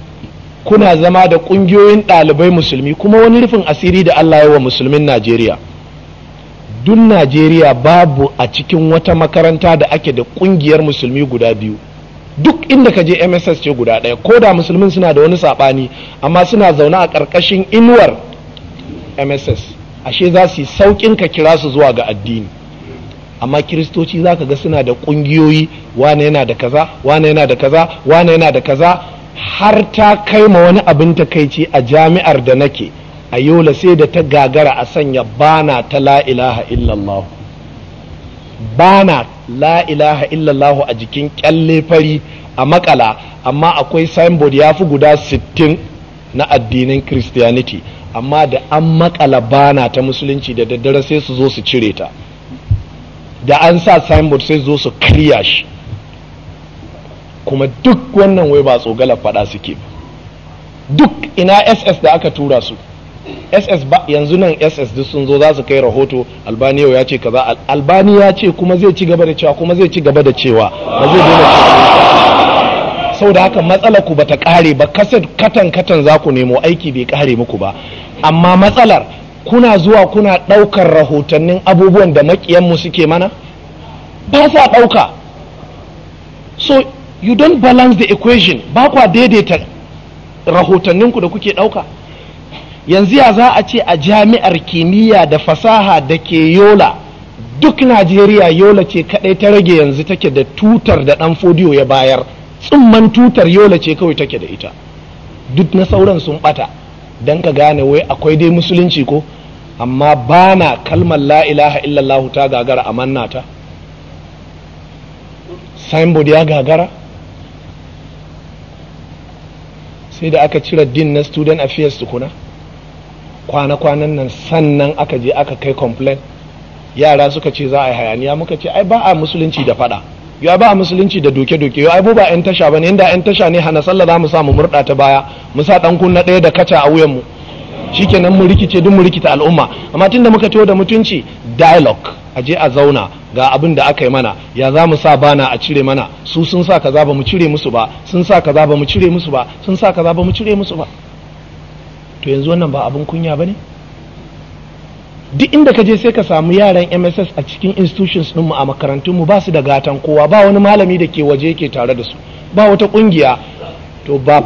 kuna zama da ƙungiyoyin ɗalibai musulmi kuma wani rufin asiri da allah wa musulmin najeriya duk najeriya babu a cikin wata makaranta da ake da ƙungiyar musulmi guda biyu duk inda ka je mss ce guda ɗaya ko da musulmin suna da wani saɓani amma suna zaune a ƙarƙashin inuwar mss ashe za su yi sauƙin ka kira su zuwa ga addini amma kiristoci za ka ga suna da ƙungiyoyi wane yana da kaza wane yana da kaza wane yana da kaza har ta kai ma wani abin ta takaici a jami'ar da nake a yola sai da ta gagara a sanya bana ta la'ilaha ilaha illallah bana la ilaha illallah a jikin kyalle fari a makala amma akwai signboard ya fi guda 60 na addinin christianity amma da an makala bana ta musulunci da daddare sai su zo su cire ta da an sa signboard sai zo su clear shi kuma duk wannan wai ba tsogala fada suke duk ina ss da aka tura su ss ba yanzu nan ss duk sun zo za su kai rahoto albani ya ce kaza albani ya ce kuma zai ci gaba da cewa kuma zai ci gaba da cewa ba zai dole saboda haka matsala ku bata kare ba kasar katan katan za ku nemo aiki bai kare muku ba amma matsalar kuna zuwa kuna ɗaukar rahotannin abubuwan da makiyanmu suke mana ba sa ɗauka so you don't balance the equation ba kwa daidaita rahotanninku da kuke ɗauka yanzu ya za a ce a jami'ar kimiyya da fasaha da ke yola duk najeriya yola ce kadai ta rage yanzu take da tutar da dan fodiyo ya bayar tsumman tutar yola ce kawai take da ita duk na sauran sun bata don ka gane wai akwai dai musulunci ko amma ba na kalmar la ilaha illallah ta gagara a manna ta. signboard ya gagara sai da aka cire din na student affairs tukuna kwana-kwanan nan sannan aka je aka kai complain yara suka ce za a yi hayaniya muka ce ai ba a musulunci da fada ya ba a musulunci da doke-doke ya ba yan tasha ba ne inda yan tasha ne hana sallah za mu sa mu murɗa ta baya musa sa ɗan kunna ɗaya da kaca a wuyan wuyanmu shikenan mu rikice duk mu rikita al'umma amma tunda muka tiyo da mutunci dialogue a je a zauna ga abin da aka yi mana ya za mu sa bana a cire mana su sun sa kaza ba mu cire musu ba sun sa kaza ba mu cire musu ba sun sa kaza ba mu cire musu ba to yanzu wannan ba abin kunya ba ne duk inda ka je sai ka samu yaran mss a cikin institutions ɗinmu a makarantunmu ba su da gatan kowa ba wani malami da ke waje ke tare da su ba wata ƙungiya to ba,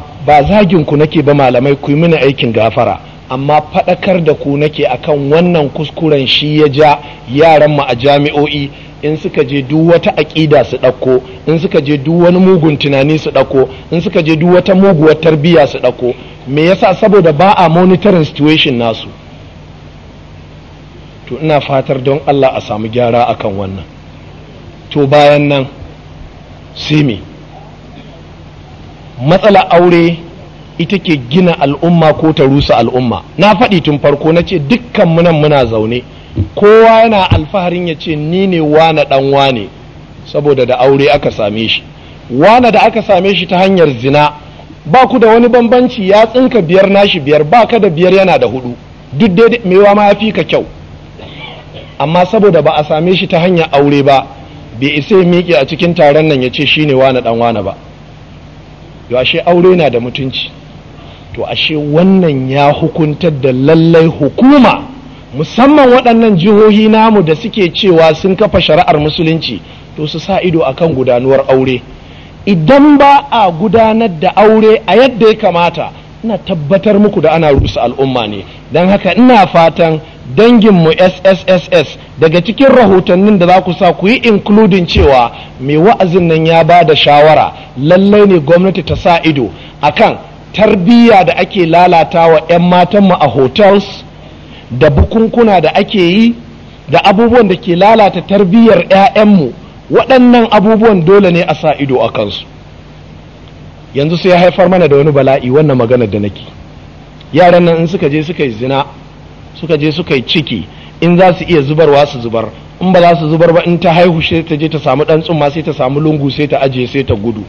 zagin ku nake ba malamai ku yi mini aikin gafara amma faɗakar da ku nake akan wannan kuskuren shi ya ja yaranmu a jami'o'i in suka je duk wata aƙida su ɗauko in suka je duk wani mugun tunani su ɗauko in suka je duk wata muguwar tarbiyya su ɗauko me yasa saboda ba a monitoring situation nasu to ina fatar don Allah a samu gyara akan wannan to bayan nan simi matsala aure ita ke gina al'umma ko ta rusa al'umma na faɗi tun farko na ce dukkan munan muna zaune kowa yana alfaharin ya ce ni ne wane ɗan wane saboda da aure aka same shi wane da aka same shi ta hanyar zina ba ku da wani bambanci ya tsinka biyar nashi biyar ba ka da biyar yana da hudu duk dai wa ma ya fi ka kyau amma saboda ba a same shi ta hanyar aure ba bai isa ya miƙe a cikin taron nan ya ce shi ne wane ɗan wane ba yau ashe aure na da mutunci to ashe wannan ya hukuntar da lallai hukuma musamman waɗannan jihohi namu da suke cewa sun kafa shari'ar musulunci to su sa ido akan gudanuwar aure idan ba a gudanar da aure a yadda ya kamata ina tabbatar muku da ana rusa al'umma ne don haka ina fatan danginmu SSSS daga cikin rahotannin da za ku sa ku yi including cewa mai wa'azin nan ya ba da shawara lallai ne gwamnati ta sa ido A kan tarbiyya da ake lalata wa 'yan matanmu a hotels da bukunkuna da ake yi da abubuwan da ke lalata tarbiyyar 'ya'yanmu waɗannan abubuwan dole ne a sa ido a kansu yanzu sai ya haifar mana da wani bala'i wannan maganar da nake yaran nan in suka je suka yi zina suka je suka yi ciki in za su iya zubarwa su zubar in ba za su zubar ba in ta haihu sai ta je ta samu ɗan tsumma sai ta samu lungu sai ta ajiye sai ta gudu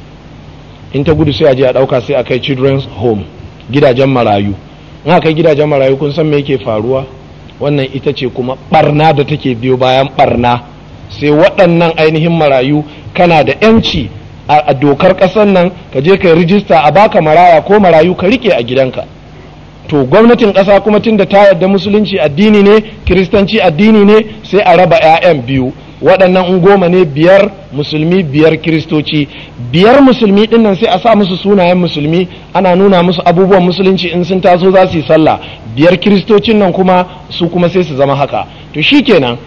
in ta gudu sai a je a ɗauka sai a kai children's home gidajen marayu in aka kai gidajen marayu kun san me yake faruwa wannan ita ce kuma ɓarna da take biyo bayan ɓarna. sai waɗannan ainihin marayu kana da 'yanci a dokar ƙasar nan ka je ka rijista a baka maraya ko marayu ka rike a gidanka to gwamnatin ƙasa kuma tun da ta yarda musulunci addini ne kiristanci addini ne sai a raba 'ya'yan biyu waɗannan in goma ne biyar musulmi biyar kiristoci biyar musulmi ɗinnan sai a sa musu sunayen musulmi ana nuna musu abubuwan musulunci in sun taso za su yi sallah biyar kiristocin nan kuma su kuma sai su zama haka to shi kenan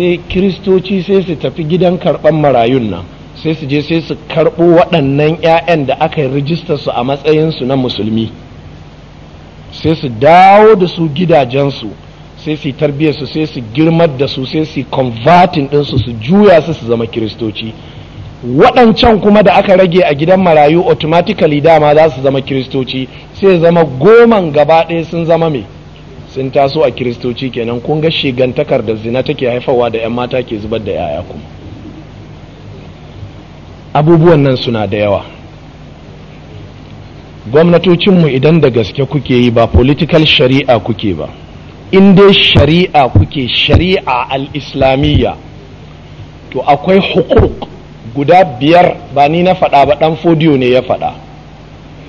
sai kiristoci sai su tafi gidan karɓan marayun nan sai su je sai su karɓo waɗannan 'ya'yan da aka yi rijista su a matsayinsu na musulmi sai su dawo da su gidajensu sai su tarbiyyar su sai su girmar da su sai su convertin ɗinsu su juya su su zama kiristoci waɗancan kuma da aka rage a gidan marayu automatically dama za su zama kiristoci sai zama goman gaba ɗaya sun zama mai sun taso a kiristoci kenan kun ga shigantakar da zina take haifawa da 'yan mata ke zubar da 'ya'ya kuma abubuwan nan suna da yawa gwamnatocinmu idan da gaske kuke yi ba political shari'a kuke ba in dai shari'a kuke shari'a al-islamiyya to akwai hukuk guda biyar ba ni na faɗa ba ɗan fodiyo ne ya faɗa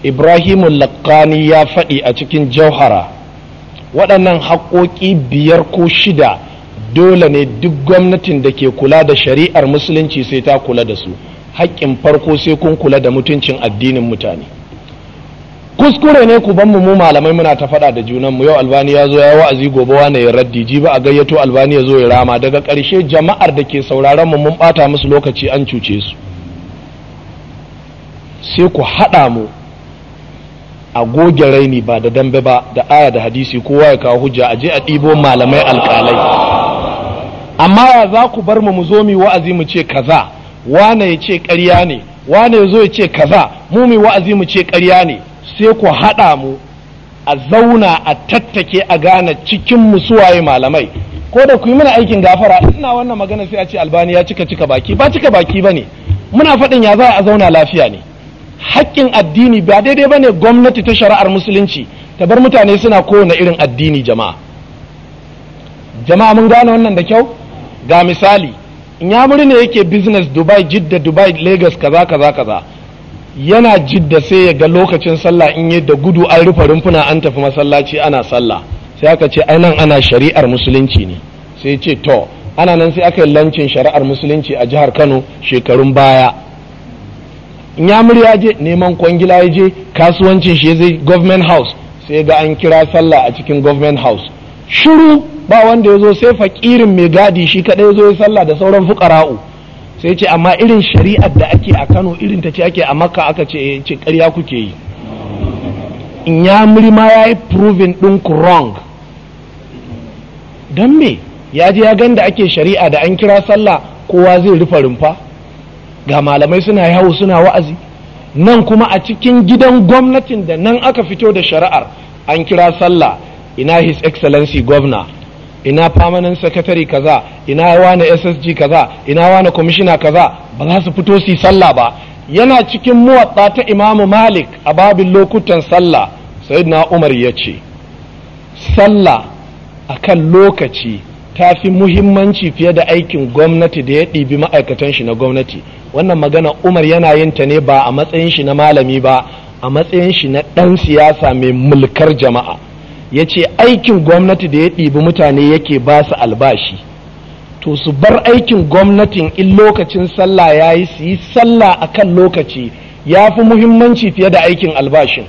ibrahimu lakkani ya faɗi a cikin jauhara waɗannan haƙoƙi biyar ko shida dole ne duk gwamnatin da ke kula da shari'ar musulunci sai ta kula da su haƙƙin farko sai kun kula da mutuncin addinin mutane kuskure ne ku mu mu malamai muna ta faɗa da junan mu yau albani ya zo ya wa'azi gobe wane ya raddi ji ba a gayyato albani ya zo ya rama daga ƙarshe jama'ar da ke sauraron mu mun ɓata musu lokaci an cuce su sai ku haɗa mu a goge raini ba da dambe ba da aya da hadisi kowa ya kawo hujja a je a ɗibo malamai alƙalai amma ya za ku bar mu zo mu wa'azi mu ce kaza wane ya ce ƙarya ne wane ya zo ya ce kaza mu mu wa'azi mu ce ƙarya ne sai ku haɗa mu a zauna a tattake a gane cikin mu suwaye malamai ko da ku yi mana aikin gafara ina wannan magana sai a ce albani ya cika cika baki ba cika baki ba ne muna faɗin ya za a zauna lafiya ne haƙƙin addini ba daidai ba ne gwamnati ta shari'ar musulunci ta bar mutane suna kowane irin addini jama'a jama'a mun gane wannan da kyau ga misali in ya ne yake business dubai jidda dubai lagos kaza kaza kaza yana jidda sai ya ga lokacin sallah in yi da gudu an rufe rumfuna an tafi masallaci ana sallah sai aka ce ai ana shari'ar musulunci ne sai ce to ana nan sai aka yi lancin shari'ar musulunci a jihar kano shekarun baya in ya murya je neman kwangila ya je kasuwancin shi zai government house sai ga an kira sallah a cikin government house shiru ba wanda ya zo sai fakirin mai gadi shi kadai ya zo ya sallah da sauran fukara'u sai ce amma irin shari'ar da ake a Kano irin ta ce ake a Makka aka ce eh, ce karya kuke yi in ya muri ma ya yi proving ɗin ku wrong don me ya je ya ganda ake shari'a da an kira sallah kowa zai rufa rumfa ga malamai suna yawo suna wa'azi nan kuma a cikin gidan gwamnatin da nan aka fito da shari'ar an kira sallah ina his excellency governor ina permanent secretary kaza ina wani ssg kaza ina wani commissioner kaza ba za su fito su sallah ba yana cikin muwatta ta imamu malik a babin lokutan sallah sayyidina umar ya ce sallah akan lokaci ta fi muhimmanci fiye da aikin gwamnati da ya ɗibi ma'aikatan shi na gwamnati wannan magana umar yana yin ta ne ba a matsayin shi na malami ba a matsayin shi na ɗan siyasa mai mulkar jama'a ya ce aikin gwamnati da ya ɗibi mutane yake ba su albashi to su bar aikin gwamnatin in lokacin sallah ya yi su yi sallah a kan lokaci ya fi muhimmanci fiye da aikin albashin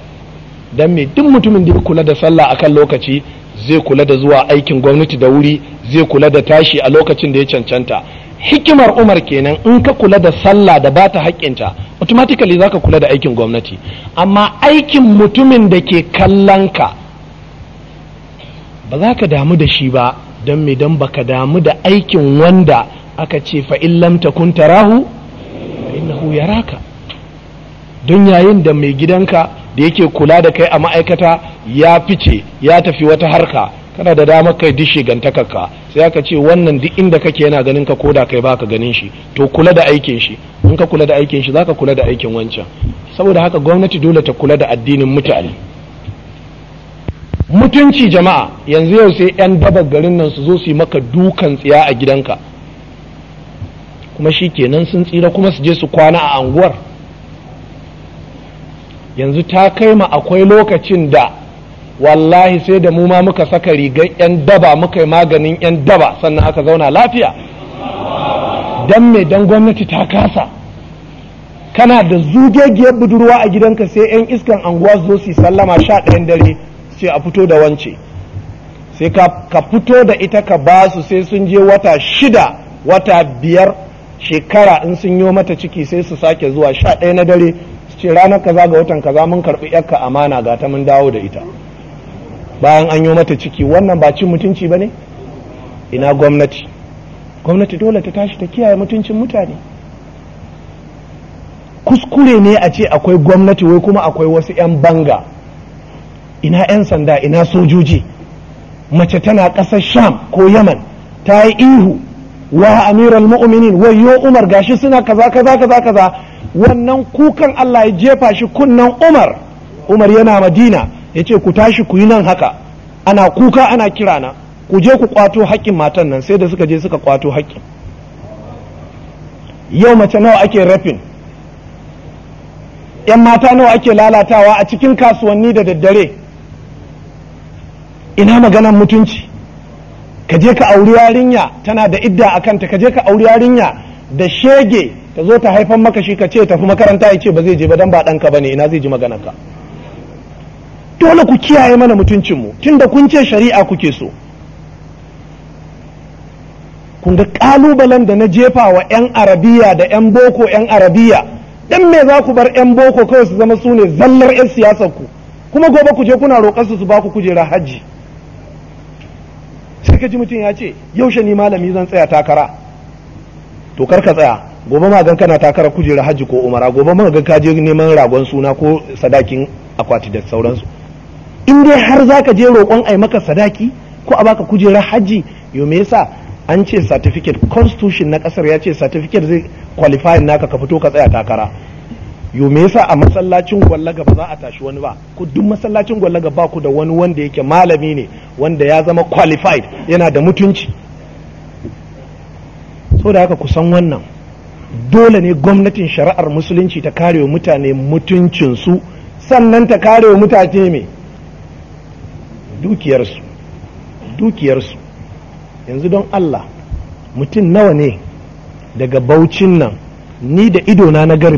don me duk mutumin da ya kula da sallah a kan lokaci zai kula da zuwa aikin gwamnati da wuri zai kula da tashi a lokacin da ya cancanta hikimar umar kenan in ka kula da sallah da bata haƙƙinta automatically za ka kula da aikin gwamnati amma aikin mutumin da ke kallon ka ba za ka damu da shi ba don me don ka damu da aikin wanda aka ce fa in lam takun tarahu fa innahu yaraka don yayin da mai gidanka da yake kula da kai a ma'aikata ya fice ya tafi wata harka kana da damar kai dishe gantakarka sai aka ce wannan duk inda kake yana ganin ka koda kai baka ganin shi to kula da aikin shi in ka kula da aikin shi zaka kula da aikin wancan saboda haka gwamnati dole ta kula da addinin mutane mutunci jama'a yanzu yau sai yan dabar garin nan su zo su yi maka dukan tsiya a gidanka kuma shi kenan sun tsira kuma su je su kwana a anguwar yanzu ta kai ma akwai lokacin da wallahi sai da mu ma muka saka rigar 'yan daba muka yi maganin 'yan daba sannan aka zauna lafiya don me don gwamnati ta kasa kana da zugegiyar budurwa a gidanka sai 'yan iskan anguwa zo su sallama sha ɗayan dare sai a fito da wance sai ka fito da ita ka ba su sai sun je wata shida wata biyar shekara in sun yi mata ciki sai su sake zuwa sha ɗaya na dare ce ranar kaza ga watan kaza mun karɓi yakka amana ga ta mun dawo da ita bayan an yi mata ciki wannan ba cin mutunci ba ne ina gwamnati gwamnati dole ta tashi ta kiyaye mutuncin mutane kuskure ne a ce akwai gwamnati wai kuma akwai wasu 'yan banga ina 'yan sanda ina sojoji mace tana ƙasar sham ko yaman ta yi ihu wa amiral mu'minin wayo umar gashi suna kaza kaza kaza kaza wannan kukan Allah ya jefa shi kunnan Umar Umar yana Madina ya ce ku tashi ku yi nan haka ana kuka ana kirana ku je ku kwato haƙƙin matan nan sai da suka je suka kwato haƙƙin yau mace nawa ake rafin yan mata nawa ake lalatawa a cikin kasuwanni da daddare ina maganan mutunci ka je ka auri yarinya tana da idda a kanta ka je ka auri yarinya da shege ta zo ta haifan maka shi ka ce tafi makaranta ya ce ba zai je ba dan ba ɗanka ba ne ina zai ji magana ka dole ku kiyaye mana mutuncinmu da kun ce shari'a kuke so kun ga ƙalubalen da na jefa wa 'yan arabiya da 'yan boko 'yan arabiya ɗan me za ku bar 'yan boko kawai su zama su ne zallar 'yan siyasar ku kuma gobe ku je kuna roƙar su su ba ku kujera hajji sai ka ji mutum ya ce yaushe ni malami zan tsaya takara to kar ka tsaya gobe ma gan kana takara kujera hajji ko umara gobe ma gan kaje neman ragon suna ko sadakin akwati da sauransu in dai har zaka je roƙon ai maka sadaki ko a baka kujera hajji yo me yasa an ce certificate constitution na kasar ya ce certificate zai qualify naka ka fito ka tsaya takara yo me yasa a masallacin gwallaga ba za a tashi wani ba ku duk masallacin gwallaga ba ku da wani wanda yake malami ne wanda ya zama qualified yana da mutunci so da haka ku san wannan dole ne gwamnatin shari'ar musulunci ta kare wa mutane mutuncinsu sannan ta wa mutane mai dukiyarsu dukiyarsu yanzu don Allah mutum nawa ne daga baucin nan ni da idona na ga